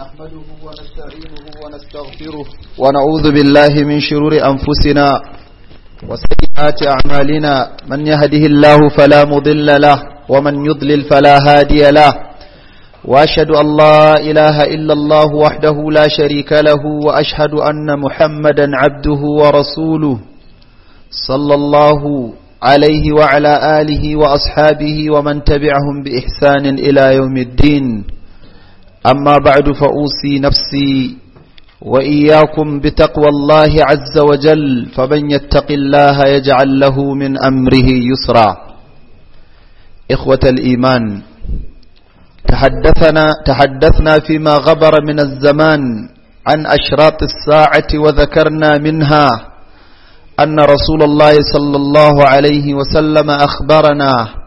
نحمده ونستعينه ونستغفره ونعوذ بالله من شرور أنفسنا وسيئات أعمالنا من يهده الله فلا مضل له ومن يضلل فلا هادي له وأشهد أن لا إله إلا الله وحده لا شريك له وأشهد أن محمدا عبده ورسوله صلى الله عليه وعلى آله وأصحابه ومن تبعهم بإحسان إلى يوم الدين أما بعد فأوصي نفسي وإياكم بتقوى الله عز وجل فمن يتق الله يجعل له من أمره يسرا إخوة الإيمان تحدثنا, تحدثنا فيما غبر من الزمان عن أشراط الساعة وذكرنا منها أن رسول الله صلى الله عليه وسلم أخبرنا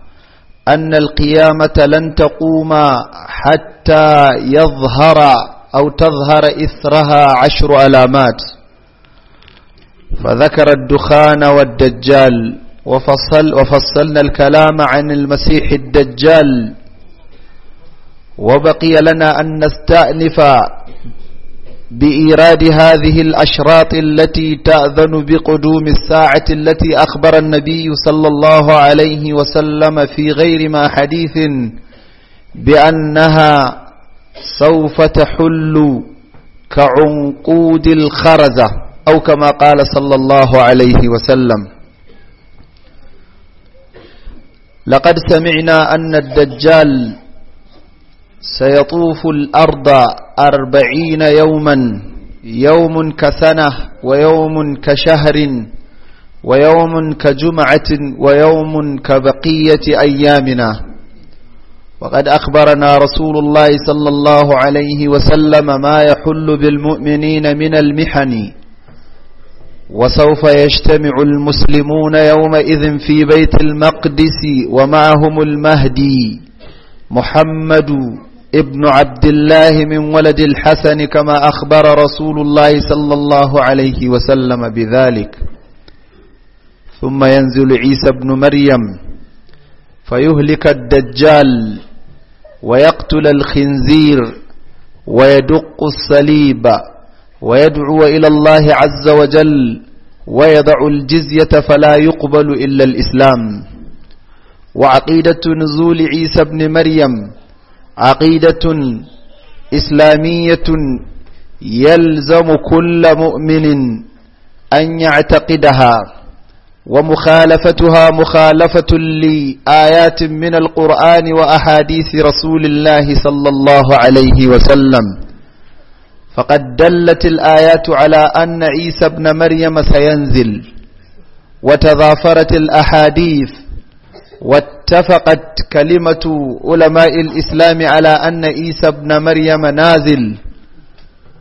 أن القيامة لن تقوم حتى يظهر أو تظهر إثرها عشر ألامات فذكر الدخان والدجال وفصل وفصلنا الكلام عن المسيح الدجال وبقي لنا أن نستأنف بإيراد هذه الأشراط التي تأذن بقدوم الساعة التي أخبر النبي صلى الله عليه وسلم في غير ما حديث بأنها سوف تحل كعنقود الخرزة أو كما قال صلى الله عليه وسلم لقد سمعنا أن الدجال سيطوف الأرض أربعين يوما يوم كسنة ويوم كشهر ويوم كجمعة ويوم كبقية أيامنا وقد أخبرنا رسول الله صلى الله عليه وسلم ما يحل بالمؤمنين من المحن وسوف يجتمع المسلمون يومئذ في بيت المقدس ومعهم المهدي محمد ابن عبد الله من ولد الحسن كما أخبر رسول الله صلى الله عليه وسلم بذلك ثم ينزل عيسى بن مريم فيهلك الدجال ويقتل الخنزير ويدق الصليب ويدعو إلى الله عز وجل ويضع الجزية فلا يقبل إلا الإسلام وعقيدة نزول عيسى بن مريم عقيدة إسلامية يلزم كل مؤمن أن يعتقدها ومخالفتها مخالفة لآيات من القرآن وأحاديث رسول الله صلى الله عليه وسلم فقد دلت الآيات على أن عيسى ابن مريم سينزل وتضافرت الأحاديث اتفقت كلمة علماء الإسلام على أن عيسى ابن مريم نازل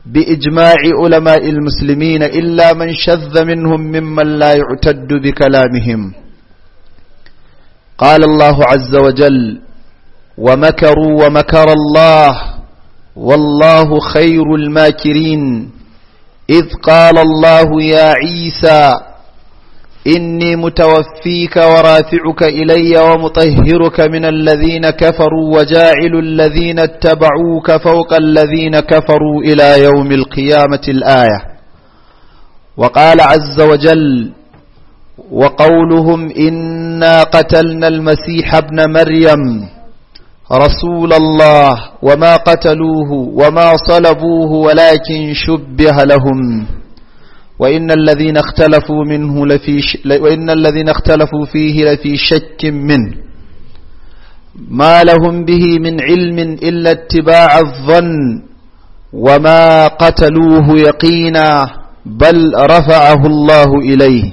بإجماع علماء المسلمين إلا من شذ منهم ممن لا يعتد بكلامهم قال الله عز وجل ومكروا ومكر الله والله خير الماكرين إذ قال الله يا عيسى إني متوفيك ورافعك إلي ومطهرك من الذين كفروا وجاعل الذين اتبعوك فوق الذين كفروا إلى يوم القيامة الآية وقال عز وجل وقولهم إنا قتلنا المسيح ابن مريم رسول الله وما قتلوه وما صلبوه ولكن شبه لهم وإن الذين اختلفوا منه لفي ش... وإن الذين اختلفوا فيه لفي شك منه ما لهم به من علم إلا اتباع الظن وما قتلوه يقينا بل رفعه الله إليه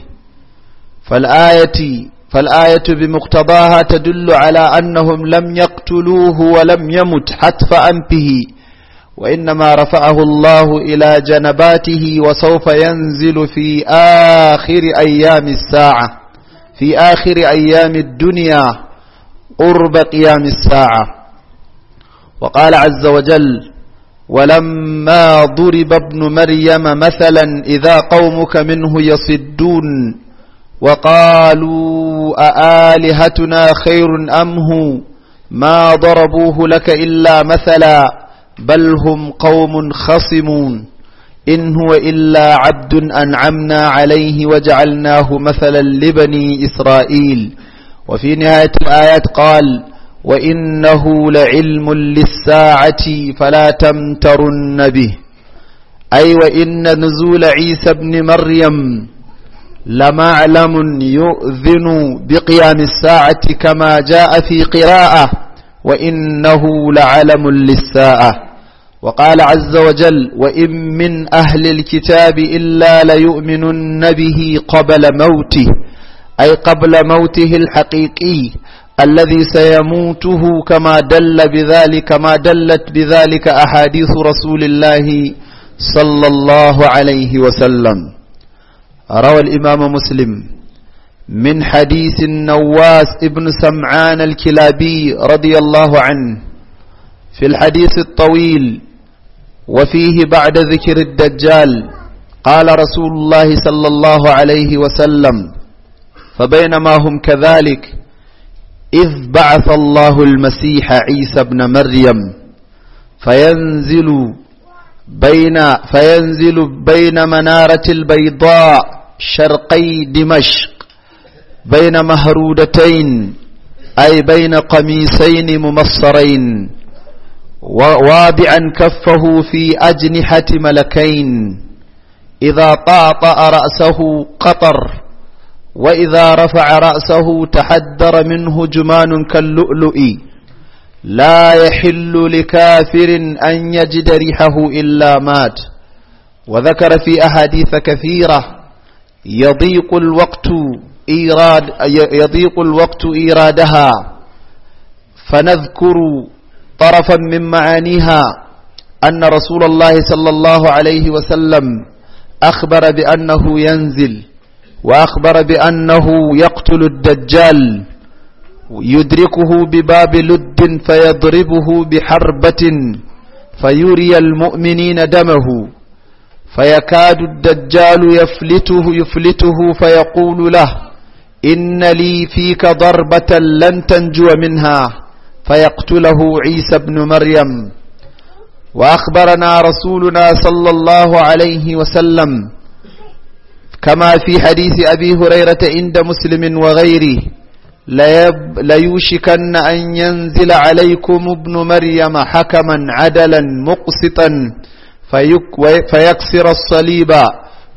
فالآية فالآية بمقتضاها تدل على أنهم لم يقتلوه ولم يمت حتف أنفه وإنما رفعه الله إلى جنباته وسوف ينزل في آخر أيام الساعة في آخر أيام الدنيا قرب قيام الساعة وقال عز وجل ولما ضرب ابن مريم مثلا إذا قومك منه يصدون وقالوا أآلهتنا خير أم هو ما ضربوه لك إلا مثلا بل هم قوم خصمون إن هو إلا عبد أنعمنا عليه وجعلناه مثلا لبني إسرائيل وفي نهاية الآيات قال وإنه لعلم للساعة فلا تمترن به أي وإن نزول عيسى بن مريم لمعلم يؤذن بقيام الساعة كما جاء في قراءة وإنه لعلم للساعة وقال عز وجل وإن من أهل الكتاب إلا ليؤمنن به قبل موته أي قبل موته الحقيقي الذي سيموته كما دل بذلك ما دلت بذلك أحاديث رسول الله صلى الله عليه وسلم روى الإمام مسلم من حديث النواس ابن سمعان الكلابي رضي الله عنه في الحديث الطويل وفيه بعد ذكر الدجال قال رسول الله صلى الله عليه وسلم فبينما هم كذلك إذ بعث الله المسيح عيسى ابن مريم فينزل بين فينزل بين منارة البيضاء شرقي دمشق بين مهرودتين أي بين قميصين ممصرين ووابعا كفه في أجنحة ملكين إذا طاطأ رأسه قطر وإذا رفع رأسه تحدر منه جمان كاللؤلؤ لا يحل لكافر أن يجد ريحه إلا مات وذكر في أحاديث كثيرة يضيق الوقت إيراد يضيق الوقت إيرادها فنذكر طرفا من معانيها أن رسول الله صلى الله عليه وسلم أخبر بأنه ينزل وأخبر بأنه يقتل الدجال يدركه بباب لد فيضربه بحربة فيري المؤمنين دمه فيكاد الدجال يفلته يفلته فيقول له إن لي فيك ضربة لن تنجو منها فيقتله عيسى بن مريم وأخبرنا رسولنا صلى الله عليه وسلم كما في حديث أبي هريرة عند مسلم وغيره ليوشكن أن ينزل عليكم ابن مريم حكما عدلا مقسطا فيكسر الصليب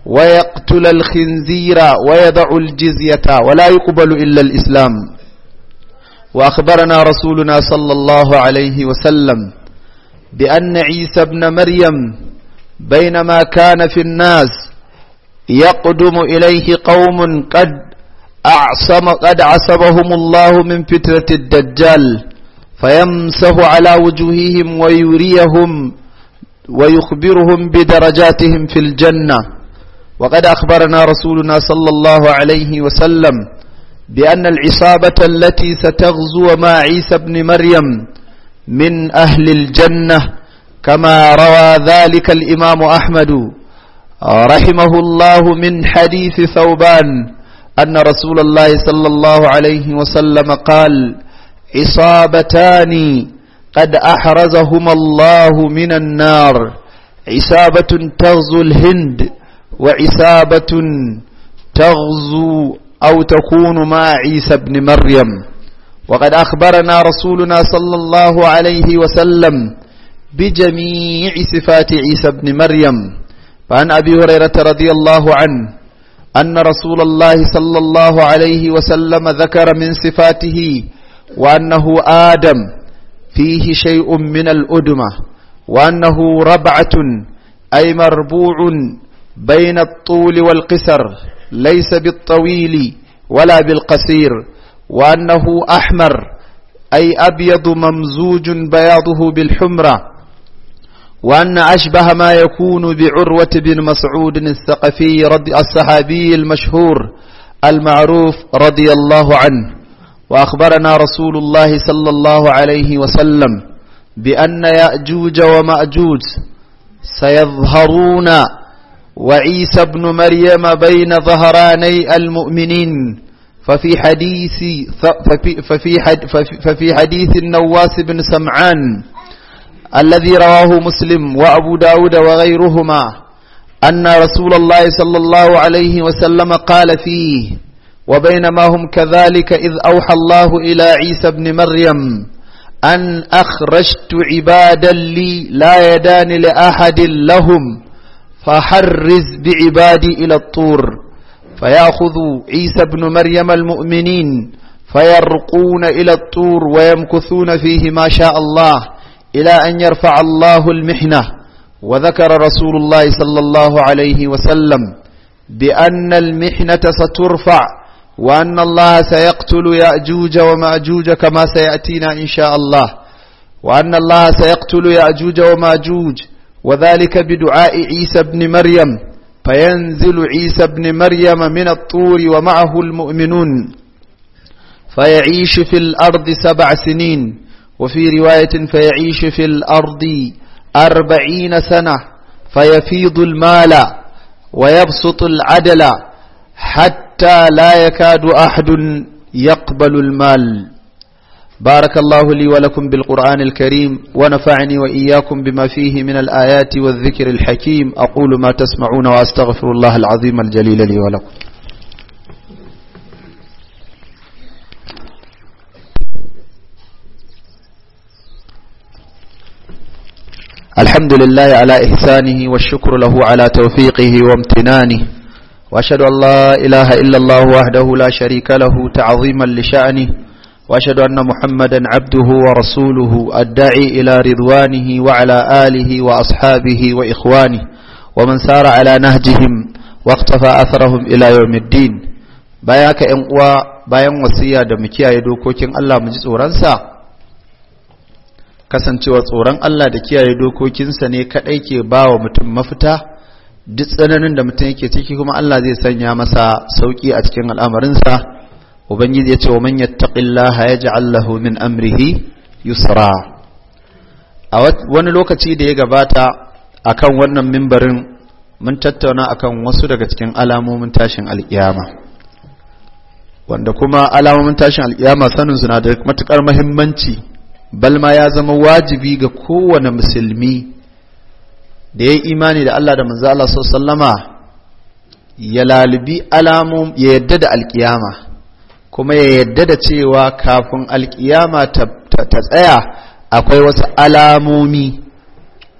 ويقتل الخنزير ويضع الجزية ولا يقبل إلا الإسلام وأخبرنا رسولنا صلى الله عليه وسلم بأن عيسى ابن مريم بينما كان في الناس يقدم إليه قوم قد أعصم قد عصمهم الله من فترة الدجال فيمسه على وجوههم ويريهم ويخبرهم بدرجاتهم في الجنة وقد أخبرنا رسولنا صلى الله عليه وسلم بأن العصابة التي ستغزو مع عيسى بن مريم من أهل الجنة كما روى ذلك الإمام أحمد رحمه الله من حديث ثوبان أن رسول الله صلى الله عليه وسلم قال عصابتان قد أحرزهما الله من النار عصابة تغزو الهند وعصابة تغزو أو تكون مع عيسى بن مريم وقد أخبرنا رسولنا صلى الله عليه وسلم بجميع صفات عيسى بن مريم فعن أبي هريرة رضي الله عنه أن رسول الله صلى الله عليه وسلم ذكر من صفاته وأنه آدم فيه شيء من الأدمة وأنه ربعة أي مربوع بين الطول والقصر ليس بالطويل ولا بالقصير وأنه أحمر أي أبيض ممزوج بياضه بالحمرة وأن أشبه ما يكون بعروة بن مسعود الثقفي رضي الصحابي المشهور المعروف رضي الله عنه وأخبرنا رسول الله صلى الله عليه وسلم بأن يأجوج ومأجوج سيظهرون وعيسى ابن مريم بين ظهراني المؤمنين ففي حديث ففي ففي حديث النواس بن سمعان الذي رواه مسلم وأبو داود وغيرهما أن رسول الله صلى الله عليه وسلم قال فيه وبينما هم كذلك إذ أوحى الله إلى عيسى بن مريم أن أخرجت عبادا لي لا يدان لأحد لهم فحرز بعبادي إلى الطور فيأخذ عيسى بن مريم المؤمنين فيرقون إلى الطور ويمكثون فيه ما شاء الله إلى أن يرفع الله المحنة وذكر رسول الله صلى الله عليه وسلم بأن المحنة سترفع وأن الله سيقتل يأجوج ومأجوج كما سيأتينا إن شاء الله وأن الله سيقتل يأجوج ومأجوج وذلك بدعاء عيسى بن مريم فينزل عيسى بن مريم من الطور ومعه المؤمنون فيعيش في الأرض سبع سنين وفي رواية فيعيش في الأرض أربعين سنة فيفيض المال ويبسط العدل حتى لا يكاد أحد يقبل المال بارك الله لي ولكم بالقرآن الكريم ونفعني وإياكم بما فيه من الآيات والذكر الحكيم أقول ما تسمعون وأستغفر الله العظيم الجليل لي ولكم الحمد لله على إحسانه والشكر له على توفيقه وامتنانه وأشهد أن لا إله إلا الله وحده لا شريك له تعظيما لشأنه وأشهد أن محمدا عبده ورسوله الداعي إلى رضوانه وعلى آله وأصحابه وإخوانه ومن سار على نهجهم واقتفى أثرهم إلى يوم الدين بياك إنقوى bayan wasiya da mu kiyaye dokokin Allah mu ji tsoronsa kasancewa tsoron Allah da kiyaye dokokinsa ne kadai ke ba wa mutum mafita duk tsananin da mutum yake ciki kuma Allah zai sanya masa sauki a cikin al'amarinsa ubangiji ya ce wa manya man yattaqillaha yaj'al lahu min amrihi yusra a wani lokaci da ya gabata akan wannan mimbarin mun tattauna akan wasu daga cikin alamomin tashin alkiyama wanda kuma alamomin tashin alkiyama sanin suna da matukar muhimmanci balma ya zama wajibi ga kowane musulmi da ya imani da Allah da manzo Allah sallama ya lalibi alamun ya yadda da alkiyama kuma ya yadda da cewa kafin alkiyama ta tsaya akwai wasu alamomi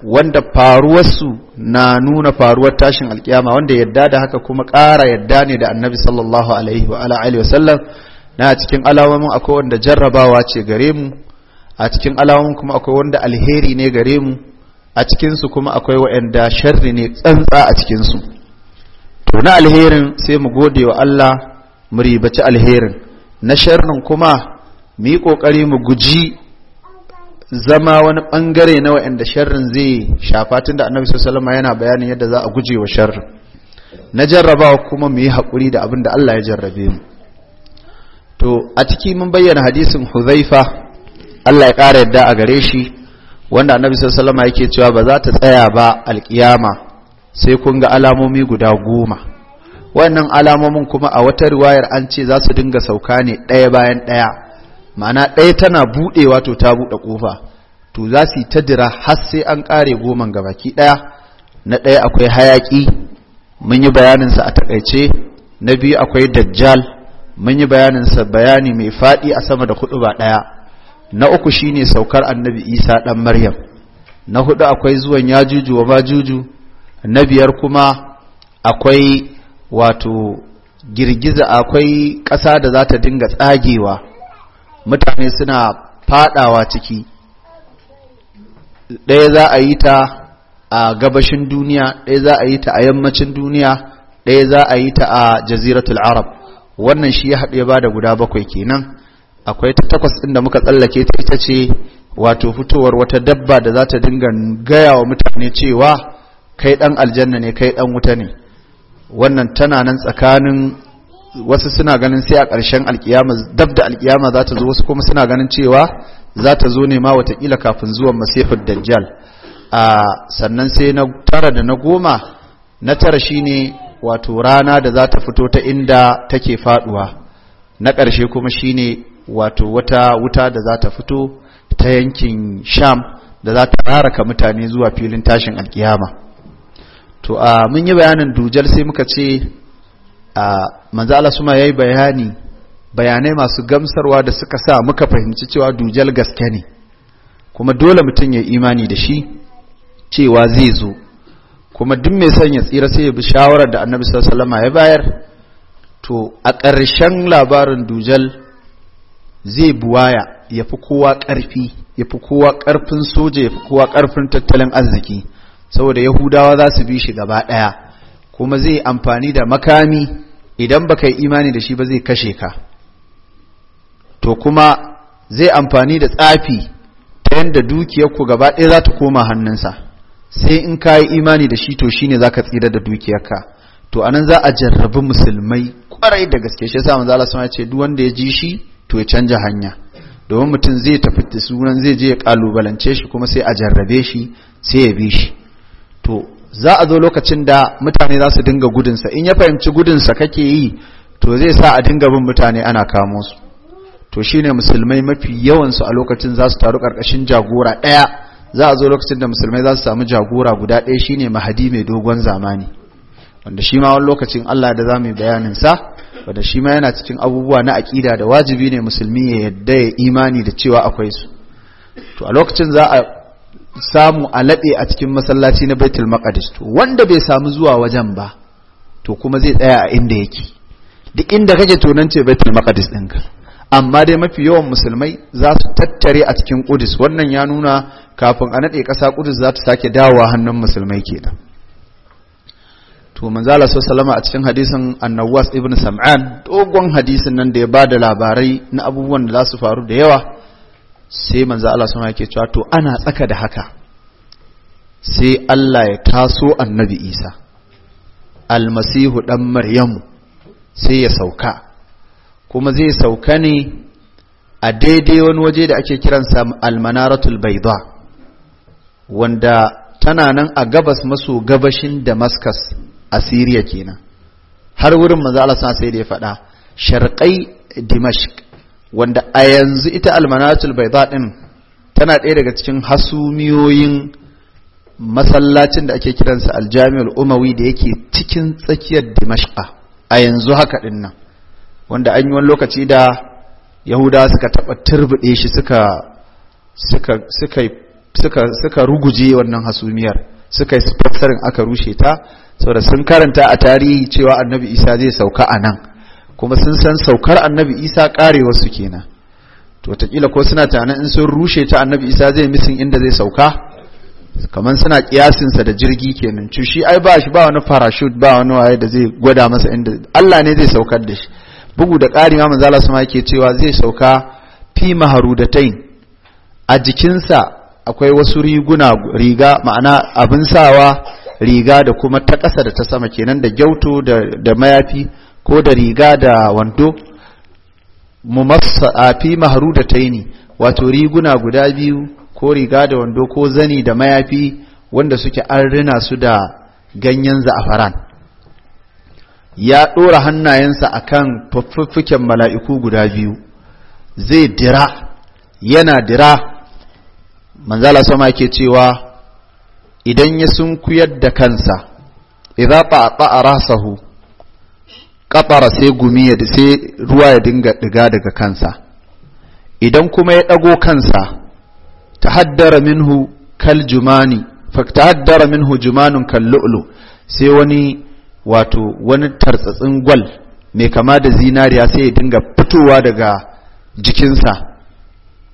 wanda faruwarsu na nuna faruwar tashin alkiyama wanda yadda da haka kuma ƙara yadda ne da annabi sallallahu alaihi wa wa sallam na cikin alamomin akwai wanda jarrabawa ce gare mu a cikin alamomin kuma akwai wanda alheri ne gare mu a cikin su kuma akwai waɗanda sharri ne tsantsa a cikinsu su to na alherin sai mu gode wa Allah mu ribaci alherin na sharrin kuma mu yi ƙoƙari mu guji zama wani ɓangare na wa'anda sharrin zai shafa tun da annabi sallama yana bayanin yadda za a guje wa sharrin na jarrabawa kuma mu yi haƙuri da abin da Allah ya jarrabe mu to a ciki mun bayyana hadisin huzaifa Allah ya ƙara yadda a gare shi wanda annabi sallama yake cewa ba za ta tsaya ba alƙiyama sai kun ga alamomi guda goma wannan alamomin kuma a wata riwayar an ce za su dinga sauka ne ɗaya bayan ɗaya ma'ana ɗaya tana buɗe wato ta buɗe ƙofa to za su yi ta dira har sai an ƙare goman baki ɗaya na ɗaya akwai hayaƙi mun yi bayaninsa a taƙaice na biyu akwai dajjal mun yi bayaninsa bayani mai faɗi a sama da huɗu ba ɗaya na uku shine saukar annabi isa ɗan maryam na huɗu akwai zuwan yajuju wa majuju na biyar kuma akwai wato girgiza akwai ƙasa da za ta dinga tsagewa mutane suna fadawa ciki ɗaya za a yi ta a gabashin duniya ɗaya za a yi ta a yammacin duniya ɗaya za a yi ta a jaziratul arab wannan shi ya haɗu ya ba da guda bakwai kenan akwai ta takwas ɗin da muka tsallake ta ita ce wato fitowar wata dabba da za ta dinga gaya wa mutane cewa kai ɗan aljanna ne kai ɗan wuta ne wannan tana nan tsakanin wasu suna ganin sai a ƙarshen alkiyama dab da alkiyama za ta zo wasu kuma suna ganin cewa za ta zo ne ma watakila kafin zuwan masifin dajjal a sannan sai na tara da na goma na tara shine wato rana da za ta fito ta inda take faduwa na ƙarshe kuma shine wato wata wuta da za ta fito ta yankin sham da za ta raraka mutane zuwa filin tashin alkiyama to a mun yi bayanin dujal sai muka ce a manzo Allah suma yayi bayani bayanai masu gamsarwa da suka sa muka fahimci cewa dujal gaske ne kuma dole mutum ya imani da shi cewa zai zo kuma duk mai son ya tsira sai ya bi shawarar da annabi sallallahu alaihi ya bayar to a ƙarshen labarin dujal zai buwaya ya fi kowa ƙarfi ya fi kowa ƙarfin soja ya fi kowa ƙarfin tattalin arziki saboda yahudawa za su bi shi gaba ɗaya kuma zai amfani da makami idan baka yi imani da shi ba zai kashe ka to kuma zai amfani da tsafi ta yadda dukiyarku gaba ɗaya za ta koma hannunsa sai in ka yi imani da shi to shi ne za ka tsira da dukiyarka to a nan za a jarrabi musulmai kwarai da gaske shi yasa manzo Allah sama ce duk wanda ya ji shi to ya canja hanya domin mutum zai tafi da sunan zai je ya kalubalance shi kuma sai a jarrabe shi sai ya bi shi to za a zo lokacin da mutane za su dinga gudunsa in ya fahimci gudunsa kake yi to zai sa a dinga bin mutane ana kamo su to shine musulmai mafi yawansu a lokacin za su taru ƙarƙashin jagora ɗaya za a zo lokacin da musulmai za su samu jagora guda ɗaya shine mahadi mai dogon zamani wanda shi ma wani lokacin Allah da za mu yi bayanin sa wanda shi ma yana cikin abubuwa na aƙida da wajibi ne musulmi ya yadda ya imani da cewa akwai su to a lokacin za a samu a laɗe a cikin masallaci na baitul maqdis to wanda bai samu zuwa wajen ba to kuma zai tsaya a inda yake duk inda kake to nan ce baitul maqdis ɗinka amma dai mafi yawan musulmai za su tattare a cikin kudus wannan ya nuna kafin a naɗe ƙasa kudus za ta sake dawowa hannun musulmai kenan to manzala so salama a cikin hadisin annawas ibn sam'an dogon hadisin nan da ya ba da labarai na abubuwan da za su faru da yawa sai manzo Allah sama yake cewa to ana tsaka da haka sai Allah ya taso annabi Isa almasihu dan maryamu sai ya sauka kuma zai sauka ne a daidai wani waje da ake kiransa almanaratul baida wanda tana nan a gabas maso gabashin damascus a syria kenan har wurin manzo Allah sai da ya faɗa sharqai dimashq wanda a yanzu ita almanatul bai din tana ɗaya daga cikin hasumiyoyin masallacin da ake kiransa aljami'ul umawi da yake cikin tsakiyar dimashqa a yanzu haka ɗin nan wanda an yi wani lokaci da yahuda suka taɓa turbuɗe shi suka suka suka suka suka ruguje wannan hasumiyar suka yi aka rushe ta saboda sun karanta a tarihi cewa annabi isa zai sauka a nan kuma sun san saukar annabi isa karewa su kenan to watakila ko suna tunanin in sun rushe ta annabi isa zai misin inda zai sauka kamar suna kiyasinsa da jirgi kenan ci shi ai ba shi ba wani parachute ba wani waye da zai gwada masa inda Allah ne zai saukar da shi bugu da ƙari ma manzala sama yake cewa zai sauka fi maharudatain a jikinsa akwai wasu riguna riga ma'ana abin sawa riga da kuma ta ƙasa da ta sama kenan da gyauto da mayafi ko da riga da wando mumassa fi mahru da taini wato riguna guda biyu ko riga da wando ko zani da mayafi wanda suke an su da ganyen za'afaran ya ɗora hannayensa akan fuffuken mala'iku guda biyu zai dira yana dira manzala sama ke cewa idan ya sunkuyar da kansa idza ta'a rasahu Kaɓara sai gumi ya sai ruwa ya dinga ɗiga daga kansa idan kuma ya ɗago kansa tahaddara minhu kal jumani tahaddara minhu jumanun kal lu'lu sai wani wato wani tartsatsin gwal mai kama da zinariya sai ya dinga fitowa daga jikinsa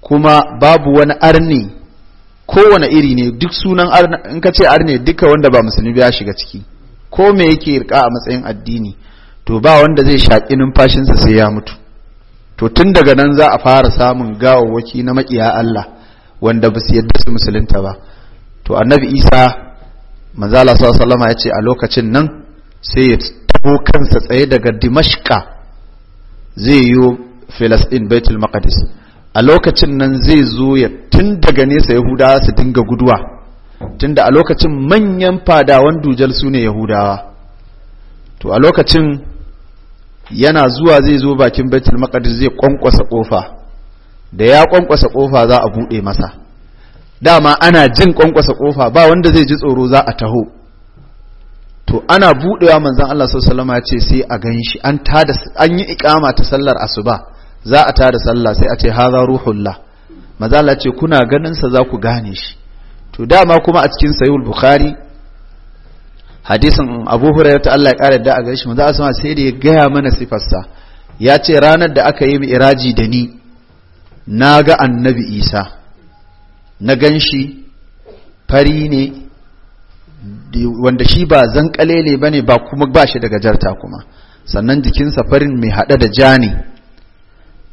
kuma babu wani arni kowane iri ne duk sunan in ka ce arni duka wanda ba musulmi ya shiga ciki ko me yake rika a matsayin addini to ba wanda zai shaƙi numfashinsa sai ya mutu to tun daga nan za a fara samun gawawwaki na maƙiya Allah wanda ba su yadda su musulunta ba to annabi isa manzala sallama ya ce a lokacin nan sai ya taho kansa tsaye daga dimashka zai yi filistin baitul maqdis a lokacin nan zai zo ya tun daga nesa yahudawa su dinga guduwa tunda a lokacin manyan fadawan dujal su ne yahudawa to a lokacin yana zuwa zai zo bakin baitul maqdis zai kwankwasa kofa da ya kwankwasa kofa za a bude masa dama ana jin kwankwasa kofa ba wanda zai ji tsoro za a taho to ana budewa manzon Allah sallallahu alaihi ya ce sai a ganshi an tada an yi ikama ta sallar asuba za a tada sallah sai a ce hadha ruhullah manzon Allah ce kuna ganin sa za ku gane shi to dama kuma a cikin sahihul bukhari hadisin abu hurairu ta Allah ya ƙara da a gare shi manzo asma sai da ya gaya mana sifarsa ya ce ranar da aka yi iraji da ni na ga annabi isa na gan fari ne wanda shi ba zankalele ba ne ba kuma ba shi daga jarta kuma sannan jikinsa farin mai haɗe da ja ne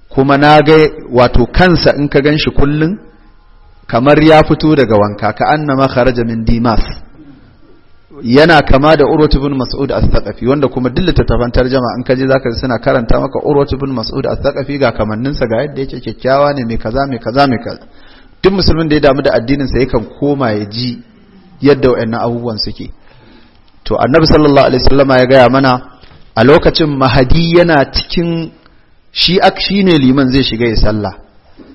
kuma na ga wato kansa in ka ganshi shi kullum kamar ya fito daga wanka ka annama kharaja min dimas yana kama da Urwat ibn Mas'ud al-Thaqafi wanda kuma duk littattafan tarjama in ka je zaka suna karanta maka Urwat ibn Mas'ud al-Thaqafi ga kamannin sa ga yadda yake kyakkyawa ne mai kaza mai kaza mai kaza duk musulmin da ya damu da addinin sa yakan koma ya ji yadda wayannan abubuwan suke to Annabi sallallahu alaihi wasallama ya gaya mana a lokacin Mahadi yana cikin shi ak shine liman zai shiga ya sallah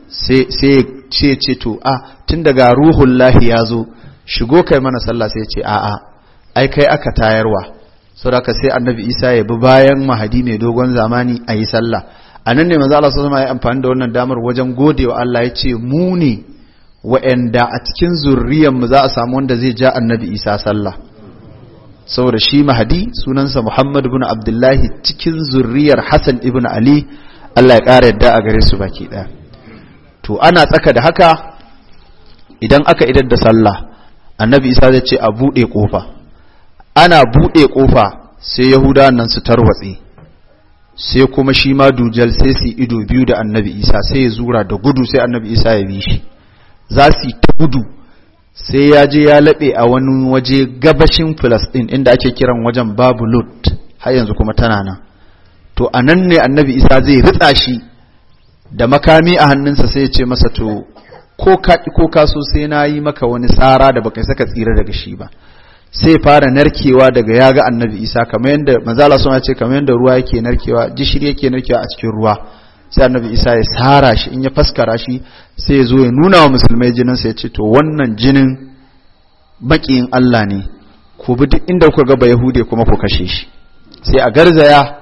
sai sai ce ce to a tun daga ruhul lahi ya zo shigo kai mana sallah sai ce a'a ai kai aka tayarwa saboda sai annabi isa ya bi bayan mahadi mai dogon zamani a yi sallah a nan ne maza Allah sun yi amfani da wannan damar wajen gode wa Allah ya ce mu ne wa'anda a cikin mu za a samu wanda zai ja annabi isa sallah saboda shi mahadi sunansa muhammad ibn abdullahi cikin zurriyar hassan ibn ali Allah ya ƙara yadda a gare su baki ɗaya to ana tsaka da haka idan aka idar da sallah annabi isa zai ce a buɗe kofa. ana buɗe ƙofa sai yahuda nan su tarwatse sai kuma shi ma dujal sai su ido biyu da annabi isa sai ya zura da gudu sai annabi isa ya bi shi za su ta gudu sai ya je ya laɓe a wani waje gabashin filastin inda ake kiran wajen babu lot har yanzu kuma tana nan to a nan ne annabi isa zai ritsa shi da makami a hannunsa sai ya ce masa to ko ka so sai na yi maka wani tsara da baka saka tsira daga shi ba sai fara narkewa daga ya ga annabi isa kamar yadda manzala sun ce kamar yadda ruwa yake narkewa gishiri yake narkewa a cikin ruwa sai annabi isa ya sara shi in ya faskara shi sai ya zo ya nuna wa musulmai jinin sai ya ce to wannan jinin baƙin allah ne ku bi duk inda kuka ga yahude kuma ku kashe shi sai a garzaya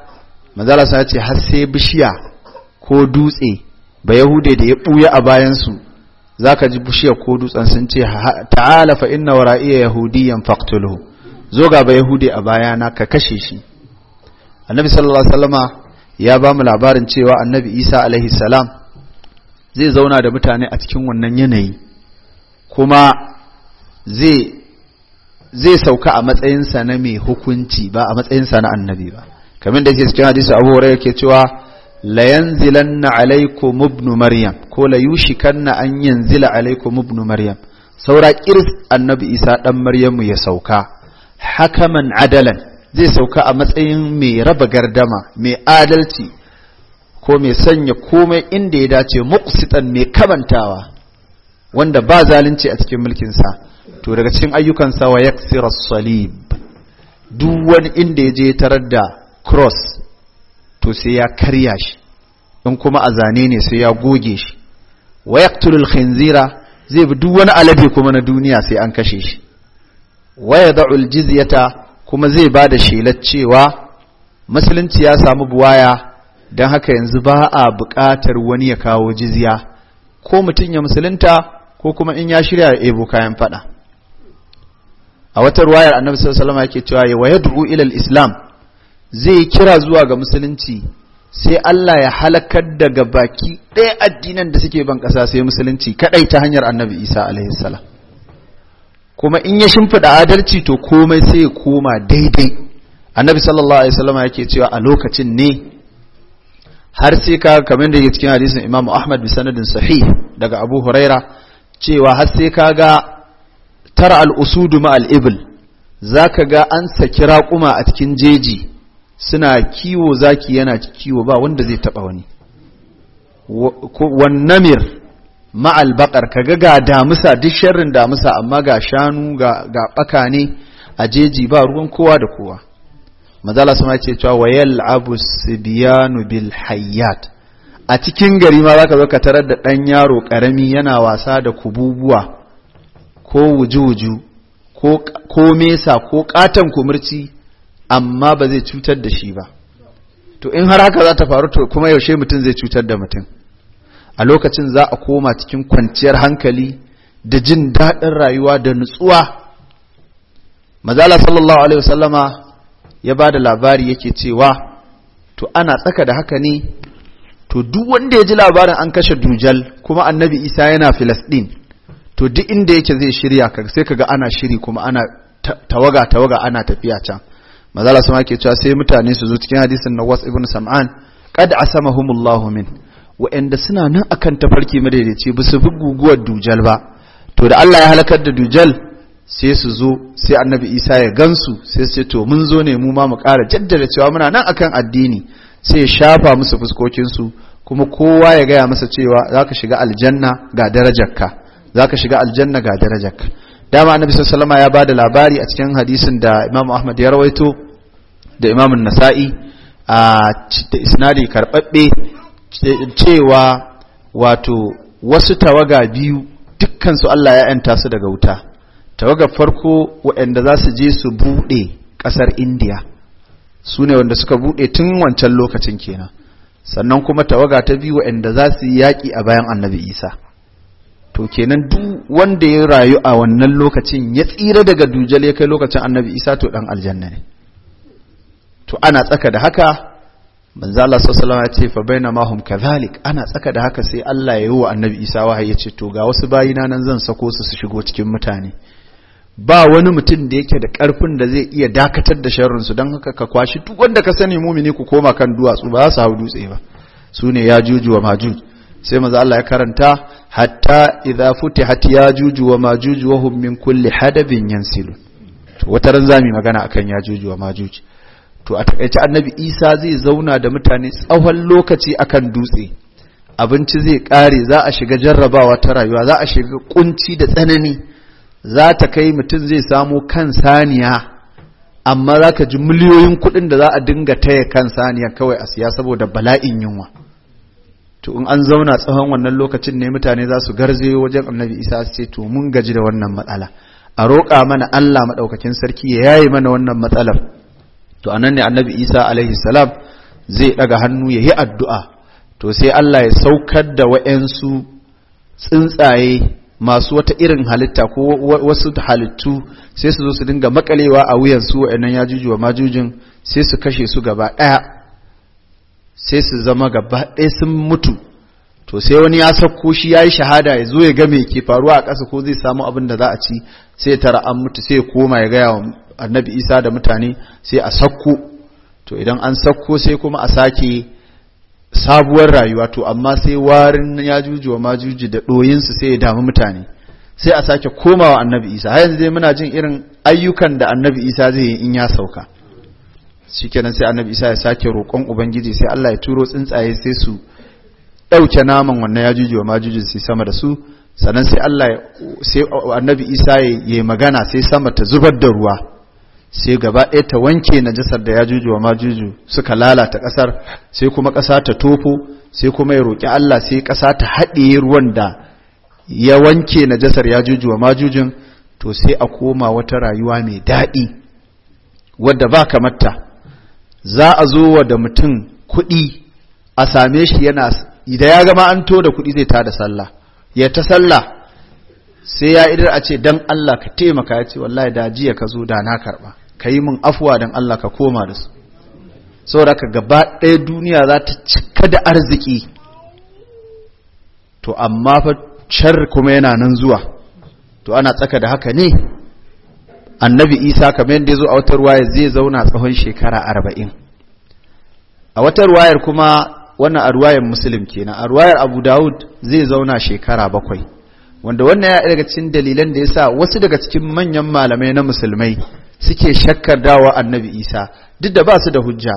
manzala sun ce har sai bishiya ko dutse ba yahude da ya buya a bayansu Za ka ji bushiya ko dutsen sun ce ta'ala fa inna wara'iya Yahudiyan faqtuluhu zo ga ba yahudi a bayana ka kashe shi annabi sallallahu alaihi wasallama ya ba mu labarin cewa annabi isa alaihi salam zai zauna da mutane a cikin wannan yanayi kuma zai zai sauka a matsayinsa na mai hukunci ba a matsayinsa na annabi ba kamar da yake cikin hadisi abu hurairah yake cewa la yanzilanna alaikum ibnu maryam ko la yushikanna an yanzila alaikum ibnu maryam saura kirs annabi isa dan maryamu ya sauka hakaman adalan zai sauka a matsayin mai raba gardama mai adalci ko mai sanya komai inda ya dace muqsitan mai kamantawa wanda ba zalunci a cikin mulkin sa. to daga cikin ayyukan sa wa yaksira salib duk wani inda ya je tarar da cross to sai ya karya shi in kuma a zane ne sai ya goge shi wa yaqtulul khinzira zai bi duk wani alade kuma na duniya sai an kashe shi wa yad'ul jizyata kuma zai ba da shelar cewa musulunci ya samu buwaya don haka yanzu ba a buƙatar wani ya kawo jizya ko mutum ya musulunta ko kuma in ya shirya ya ebo kayan fada a wata ruwayar annabi sallallahu alaihi wasallam yake cewa wa yad'u ila islam zai kira zuwa ga musulunci sai Allah ya halakar daga baki ɗaya addinan da suke ban ƙasa sai musulunci kaɗai ta hanyar annabi isa alaihi salam kuma in ya shimfiɗa adalci to komai sai ya koma daidai annabi sallallahu alaihi ya yake cewa a lokacin ne har sai ka kamar da yake cikin hadisin Imam Ahmad bi sanadin sahih daga Abu Huraira cewa har sai ka ga tara al usudu ma al-ibl zaka ga an saki raquma a cikin jeji suna kiwo zaki yana kiwo ba wanda zai taba wani wannamir ma'al bakar kaga ga damusa duk sharrin damusa amma ga shanu ga baka ne a jeji ba ruwan kowa da kowa mazala sama ce cewa wayal abu sibiyanu bil hayyat a cikin gari ma zaka zo ka tarar da ɗan yaro karami yana wasa da kububuwa ko wuju-wuju ko mesa ko katon kumurci amma ba zai cutar da shi ba to in har haka za ta faru to kuma yaushe mutum zai cutar da mutum a lokacin za a koma cikin kwanciyar hankali da jin daɗin rayuwa da nutsuwa mazala sallallahu alaihi wasallama ya ba da labari yake cewa to ana tsaka da haka ne to duk wanda ya ji labarin an kashe dujal kuma annabi isa yana filastin to duk inda yake zai shirya sai kaga ana shiri kuma ana tawaga tawaga ana tafiya can Maza sama ke cewa sai mutane su zo cikin hadisin Was ibn sam'an qad asamahumullahu min wa'anda suna nan akan tafarki madaidaici ba su bi guguwar dujal ba to da Allah ya halakar da dujal sai su zo sai annabi isa ya gansu sai su ce to mun zo ne mu ma mu ƙara jaddada cewa muna nan akan addini sai ya shafa musu fuskokinsu kuma kowa ya gaya masa cewa za shiga aljanna ga darajarka za ka shiga aljanna ga darajarka dama annabi sallallahu alaihi ya bada labari a cikin hadisin da Imam Ahmad ya rawaito da imamu Nasa'i a da isnadi karbabbe cewa wato wasu tawaga biyu dukkan su Allah ya yanta su daga wuta tawaga farko waɗanda za su je su bude kasar India su ne wanda suka bude tun wancan lokacin kenan sannan kuma tawaga ta biyu waɗanda za su yi yaƙi a bayan annabi Isa to kenan duk wanda ya rayu a wannan lokacin ya tsira daga dujal ya kai lokacin annabi isa to dan aljanna ne to ana tsaka da haka manzo Allah sallallahu alaihi ya ce fa bainama hum kadhalik ana tsaka da haka sai Allah ya yi wa annabi isa wahayi ya ce to ga wasu bayina nan zan sako su su shigo cikin mutane ba wani mutum da yake da karfin da zai iya dakatar da sharrinsu dan haka ka kwashi duk wanda ka sani mumini ku koma kan duwatsu ba za su hau dutse ba sune ne ya wa majuj sai maza Allah ya karanta hatta idza futihat yajuju wa majuju wa hum min kulli hadabin yansilu to wata ran zamu magana akan yajuju wa majuju to a takaice annabi Isa zai zauna da mutane tsawon lokaci akan dutse abinci zai kare za a shiga jarrabawa ta rayuwa za a shiga kunci da tsanani za ta kai mutum zai samu kan saniya amma za ka ji miliyoyin kuɗin da za a dinga taya kan saniya kawai a siya saboda bala'in yunwa to in an zauna tsawon wannan lokacin ne mutane za su garze wajen annabi isa su ce to mun gaji da wannan matsala a roƙa mana allah maɗaukakin sarki ya yaye mana wannan matsalar to anan ne annabi isa alaihi salam zai ɗaga hannu ya yi addu'a to sai allah ya saukar da wa'yansu tsuntsaye masu wata irin halitta ko wasu halittu sai su zo su dinga makalewa a wuyan su wa'annan yajuju wa majujin sai su kashe su gaba ɗaya sai su zama gaba ɗaya sun mutu to sai wani ya sauko shi ya yi shahada ya zo ya ga me ke faruwa a ƙasa ko zai samu abin da za a ci sai tara an mutu sai koma ya gaya wa annabi isa da mutane sai a sauko to idan an sauko sai kuma a sake sabuwar rayuwa to amma sai warin ya juji wa majuji da ɗoyinsu sai ya damu mutane sai a sake komawa annabi isa har yanzu dai muna jin irin ayyukan da annabi isa zai yi in ya sauka shikenan sai annabi isa ya sake roƙon ubangiji sai Allah ya turo tsuntsaye sai su ɗauke naman wannan yajuji wa majuji sai sama da su sannan sai Allah sai annabi isa ya magana sai sama ta zubar da ruwa sai gaba ɗaya ta wanke najasar da yajuji wa majuju suka lalata ƙasar sai kuma ƙasa ta tofo sai kuma ya roƙi Allah sai ƙasa ta haɗiye ruwan da ya wanke najasar yajuji wa majujin to sai a koma wata rayuwa mai daɗi wadda ba kamar ta za a zo wa da mutum kuɗi a same shi yana da ya gama an to da kuɗi zai ta da sallah ya ta sallah sai ya idar a ce dan Allah ka taimaka ya ce wallahi da jiya ka zo da na karɓa ka yi min afuwa dan Allah ka koma da su saboda ka gaba ɗaya duniya za ta cika da arziki to amma fa char kuma yana nan zuwa to ana tsaka da haka ne annabi isa kamar yadda ya zo a wata ruwaya zai zauna tsawon shekara arba'in a wata ruwayar kuma wannan a ruwayar musulun kenan a ruwayar abu dawud zai zauna shekara bakwai wanda wannan ya daga cikin dalilan da ya sa wasu daga cikin manyan malamai na musulmai suke shakkar dawa annabi isa duk da ba su da hujja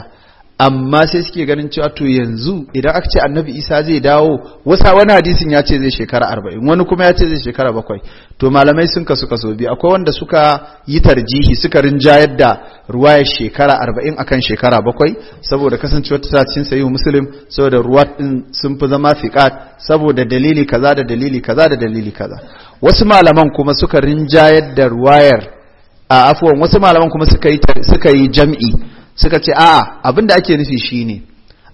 amma sai suke ganin cewa to yanzu idan aka ce annabi isa zai dawo wasa wani hadisin ya ce zai shekara arba'in wani kuma ya ce zai shekara bakwai to malamai sun kasu kaso biyu akwai wanda suka yi tarjihi suka rinjayar da ruwayar shekara arba'in akan shekara bakwai saboda kasancewar ta cikin sayi musulun saboda ruwa din sun fi zama fiƙat saboda dalili kaza da dalili kaza da dalili kaza wasu malaman kuma suka rinjayar da ruwayar a afuwan wasu malaman kuma suka yi jam'i suka ce a'a abin da ake nufi shine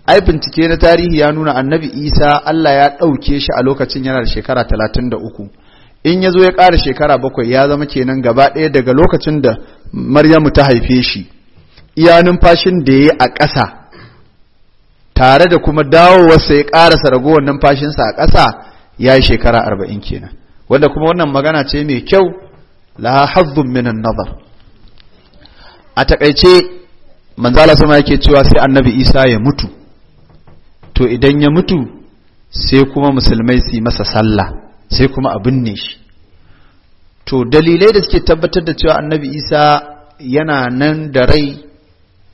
ai bincike na tarihi ya nuna annabi isa allah ya ɗauke shi a lokacin yana da shekara talatin da uku in ya zo ya ƙara shekara bakwai ya zama kenan gaba ɗaya daga lokacin da maryamu ta haife shi iya numfashin da ya yi a ƙasa tare da kuma dawowarsa ya ƙarasa ragowar numfashinsa a ƙasa ya yi shekara arba'in kenan wanda kuma wannan magana ce mai kyau la hazzun minan nazar a taƙaice manzala sama yake cewa sai annabi isa ya mutu to idan ya mutu sai kuma musulmai su yi masa sallah sai kuma a binne shi to dalilai da suke tabbatar da cewa annabi isa yana nan da rai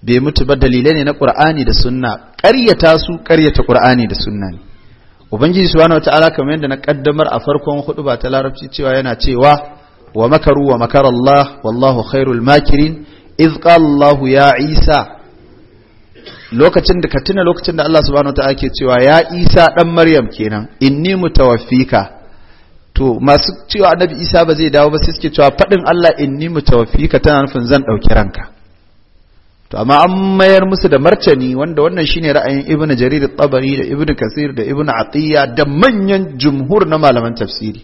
bai mutu ba dalilai ne na ƙur'ani da sunna ƙaryata su ƙaryata ƙur'ani da sunna ne ubangiji subhanahu wataala kamar yadda na kaddamar a farkon hudu ba ta larabci cewa yana cewa wa makaru wa makarallah wallahu khairul makirin iz Allahu ya Isa lokacin da ka tuna lokacin da Allah subhanahu wataala ke cewa ya Isa dan Maryam kenan inni mutawaffika to masu cewa annabi Isa ba zai dawo ba sai suke cewa fadin Allah inni mutawaffika tana nufin zan dauki ranka to amma an mayar musu da martani wanda wannan shine ra'ayin Ibn Jarir at-Tabari da Ibn Kasir da Ibn Atiyya da manyan jumhur na malaman tafsiri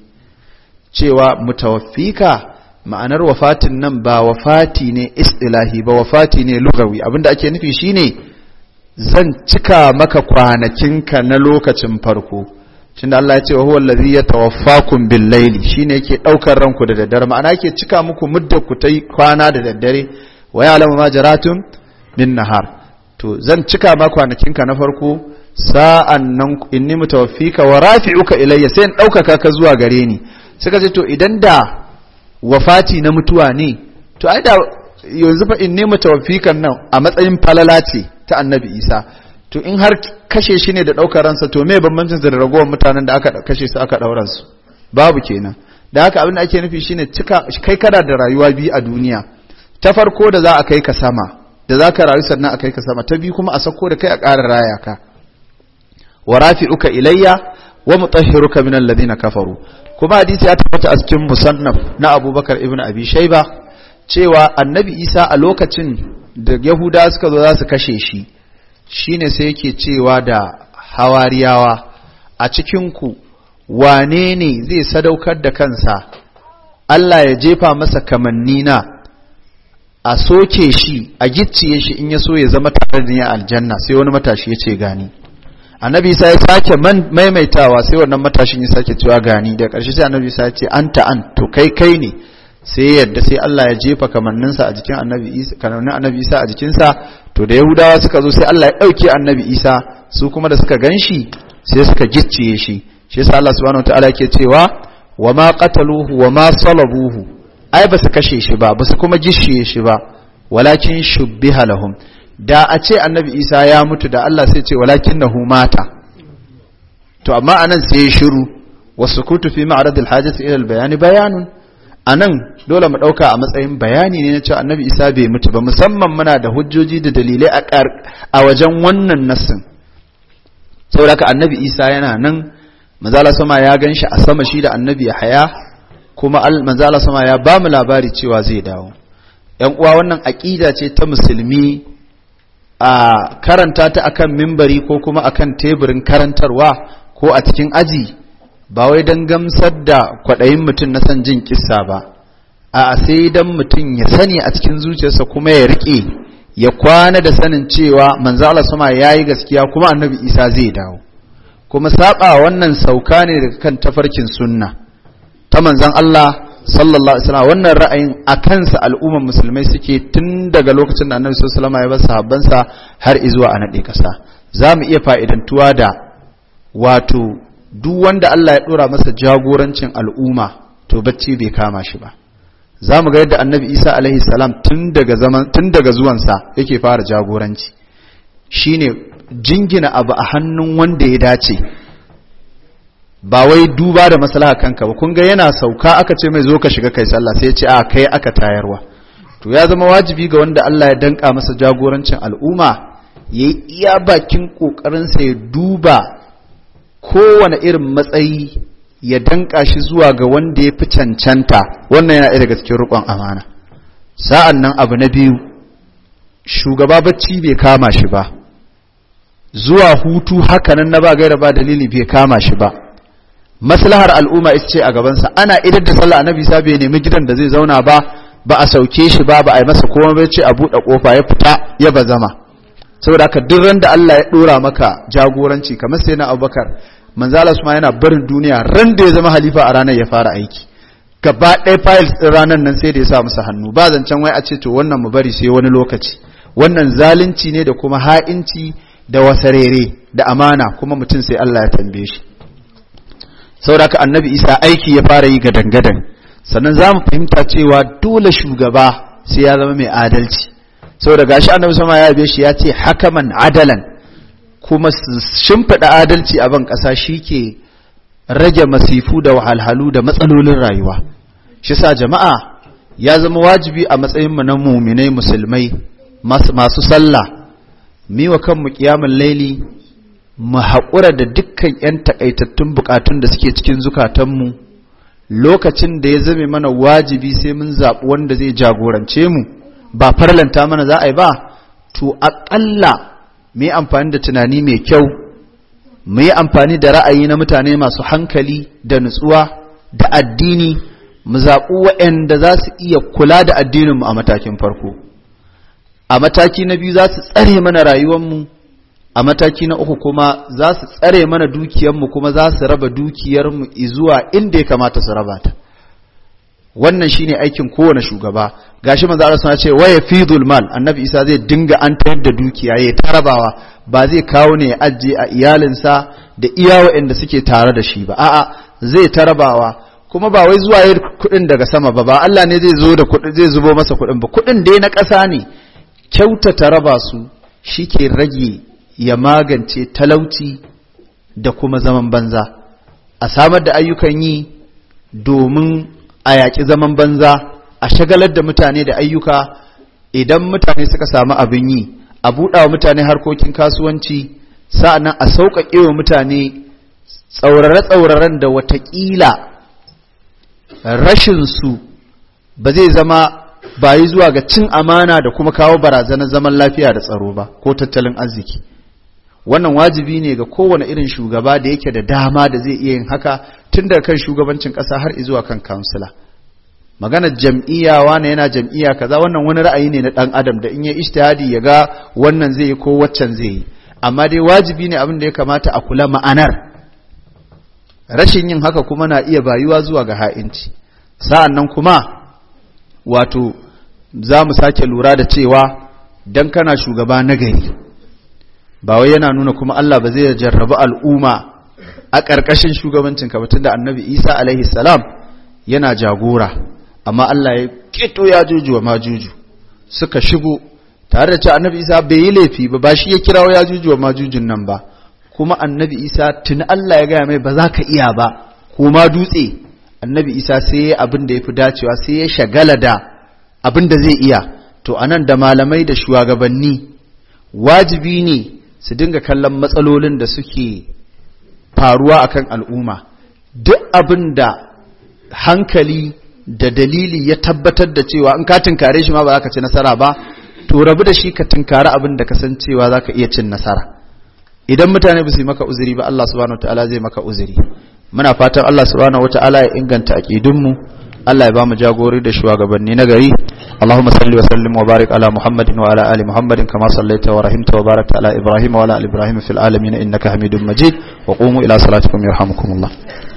cewa mutawaffika ma'anar wafatin nan ba wafati ne istilahi ba wafati ne lugawi abinda ake nufi shine zan cika maka kwanakinka na lokacin farko tunda Allah ya ce wa huwa allazi yatawaffakum bil laili shine yake daukar ranku da daddare ma'ana yake cika muku mudda ku tai kwana da daddare wa ya'lamu ma jaratum min nahar to zan cika ma kwanakinka na farko sa'an nan inni mutawaffika wa rafi'uka ilayya sai in daukaka ka zuwa gare ni suka ce to idan da wafati na mutuwa ne to ai da yanzu fa in nema tawfikan nan a matsayin falala ce ta annabi isa to in har kashe shi ne da ɗaukar ransa to me bambancin da ragowar mutanen da aka kashe su aka ɗauran su babu kenan da haka abin da ake nufi shine cika kai kada da rayuwa biyu a duniya ta farko da za a kai ka sama da za ka rayu sannan a kai ka sama ta biyu kuma a sako da kai a ƙara raya ka wa rafi uka ilayya wa mutahhiruka minal ladina kafaru kuma hadisi ya tabbata a cikin musannaf na Abubakar ibn Abi Shayba cewa Annabi Isa a lokacin da Yahuda suka zo za su kashe shi shine sai yake cewa da hawariyawa a cikin ku wane ne zai sadaukar da kansa Allah ya jefa masa kamanni na a soke shi a gicciye shi in ya so ya zama tare da ni a aljanna sai wani matashi ya ce gani annabi isa ya sake maimaitawa sai wannan matashin ya sake cewa gani da ƙarshe sai annabi isa ya ce anta an to kai kai ne sai yadda sai Allah ya jefa kamanninsa a jikin annabi isa kamannin annabi isa a jikinsa to da yahudawa suka zo sai Allah ya ɗauke annabi isa su kuma da suka ganshi sai suka gicciye shi shi yasa Allah subhanahu wataala yake cewa wa ma qataluhu wa ma salabuhu ai ba su kashe shi ba ba su kuma gicciye shi ba walakin shubbiha lahum da a ce annabi isa ya mutu da Allah sai ce walakin nahu mata to amma anan sai ya shiru wasu kutu fi ma'aradil hajjati ilal bayani bayanun anan dole mu ɗauka a matsayin bayani ne na cewa annabi isa bai mutu ba musamman muna da hujjoji da dalilai a a wajen wannan nassin saboda ka annabi isa yana nan manzala sama ya ganshi a sama shi da annabi haya kuma manzala sama ya ba mu labari cewa zai dawo yan uwa wannan aqida ce ta musulmi a karanta ta akan mimbari ko kuma akan teburin karantarwa ko a cikin aji ba wai don gamsar da kwaɗayin mutum na son jin kissa ba a sai don mutum ya sani a cikin zuciyarsa kuma ya riƙe ya kwana da sanin cewa manzo Allah sama yi gaskiya kuma annabi Isa zai dawo kuma saba wannan sauka ne daga kan tafarkin sunna ta manzon Allah sallallahu alaihi wasallam wannan ra'ayin a kansa al'umman musulmai suke tun daga lokacin da annabi sallallahu alaihi wasallam ya bar sahabbansa har izuwa a nade kasa zamu iya fa'idantuwa da wato duk wanda Allah ya dora masa jagorancin al'umma to bacci bai kama shi ba zamu ga yadda annabi Isa alaihi salam tun daga zaman tun daga zuwansa yake fara jagoranci shine jingina abu a hannun wanda ya dace ba wai duba da maslaha kanka ba kun ga yana sauka aka ce mai zo ka shiga kai sallah sai ya ce a kai aka tayarwa to ya zama wajibi ga wanda Allah ya danka masa jagorancin al'umma ya yi iya bakin ƙoƙarinsa ya duba kowane irin matsayi ya danka shi zuwa ga wanda ya fi cancanta wannan yana daga cikin riƙon amana sa'an nan abu na biyu shugaba bacci bai kama shi ba zuwa hutu hakanan na ba gaira ba dalili bai kama shi ba maslahar al'umma ita ce a gabansa ana idar da sallah annabi sa bai nemi gidan da zai zauna ba ba a sauke shi ba ba a yi masa komai ba ce a buɗe kofa ya fita ya ba zama. saboda haka duk ran da Allah ya dora maka jagoranci kamar sai na Abubakar manzo Allah kuma yana barin duniya ran da ya zama halifa a ranar ya fara aiki gaba ɗaya files din ranar nan sai da ya sa masa hannu ba zancen wai a ce to wannan mu bari sai wani lokaci wannan zalunci ne da kuma ha'inci da wasarere da amana kuma mutum sai Allah ya tambaye shi saboda annabi isa aiki ya fara yi ga dangadan sannan za mu fahimta cewa dole shugaba sai ya zama mai adalci saboda gashi annabi sama ya yabe shi ya ce hakaman adalan kuma shimfiɗa adalci a ban ƙasa shi ke rage masifu da wahalhalu da matsalolin rayuwa shi sa jama'a ya zama wajibi a matsayinmu na muminai musulmai masu sallah mi wa kanmu kiyamun laili mu haƙura da dukkan 'yan takaitattun bukatun da suke cikin zukatanmu lokacin da ya zame mana wajibi sai mun zaɓi wanda zai jagorance mu ba farlanta mana za a yi ba to aƙalla mu yi amfani da tunani mai kyau mu yi amfani da ra'ayi na mutane masu hankali da nutsuwa da addini mu zaɓi waɗanda za su iya kula da addininmu a matakin farko a mataki na biyu za su tsare mana rayuwarmu a mataki na uku kuma za su tsare mana dukiyarmu kuma za su raba dukiyarmu zuwa inda ya kamata su raba ta wannan shine aikin kowane shugaba gashi manzo Allah sana ce waya fidul mal annabi Isa zai dinga an tayar da dukiya yayi tarabawa ba zai kawo ne ya ajje a iyalinsa da iya waɗanda suke tare da shi ba a'a zai tarabawa kuma ba wai zuwa yayin kuɗin daga sama ba ba Allah ne zai zo da kuɗin zai zubo masa kuɗin ba kuɗin dai na ƙasa ne kyautata raba su shike rage ya magance talauci da kuma zaman banza a samar da ayyukan yi domin a yaƙi zaman banza a shagalar da mutane da ayyuka idan mutane suka samu abin yi a buɗa wa mutane harkokin kasuwanci sa'annan a sauƙaƙe wa mutane tsaurare-tsauraren da watakila rashinsu ba zai zama bayi zuwa ga cin amana da kuma kawo barazanar zaman lafiya da tsaro ba ko tattalin arziki wannan wajibi ne ga kowane irin shugaba da yake da dama da zai iya yin haka tun daga kan shugabancin kasa har zuwa kan kansila maganar jam'iyya wane yana jam'iyya kaza wannan wani ra'ayi ne na ɗan adam da in ya ishtihadi ya ga wannan zai yi ko waccan zai yi amma dai wajibi ne abin da ya kamata a kula ma'anar rashin yin haka kuma na iya bayuwa zuwa ga ha'inci sa'an nan kuma wato za mu sake lura da cewa dan kana shugaba na gari ba wai yana nuna kuma Allah ba zai jarrabi al'umma a ƙarƙashin shugabancinka ba tunda annabi Isa alaihi salam yana jagora amma Allah ya keto ya juju wa majuju suka shigo tare da cewa annabi Isa bai yi laifi ba ba shi ya kirawo ya juju wa majujin nan ba kuma annabi Isa tuni Allah ya gaya mai ba za ka iya ba ko ma dutse annabi Isa sai ya abin da ya fi dacewa sai ya shagala da abin da zai iya to anan da malamai da shugabanni wajibi ne su dinga kallon matsalolin da suke faruwa akan al'umma duk abin da hankali da dalili ya tabbatar da cewa in ka tunkare shi ma ba za ka ci nasara ba to rabu da shi ka tunkari abin da kasancewa za ka iya cin nasara idan mutane ba su yi maka uzuri ba Allah subhanahu ta'ala zai maka uzuri muna fatan Allah subhanahu ta'ala ya inganta aqidunmu Allah ya bamu jagori da shugabanni na gari Allahumma salli wa sallim wa barik ala Muhammadin wa ala ali Muhammadin kama sallaita wa rahimta wa barakta ala Ibrahim wa ala ali Ibrahim fil alamin innaka Hamidum Majid wa qumu ila salatikum yarhamukumullah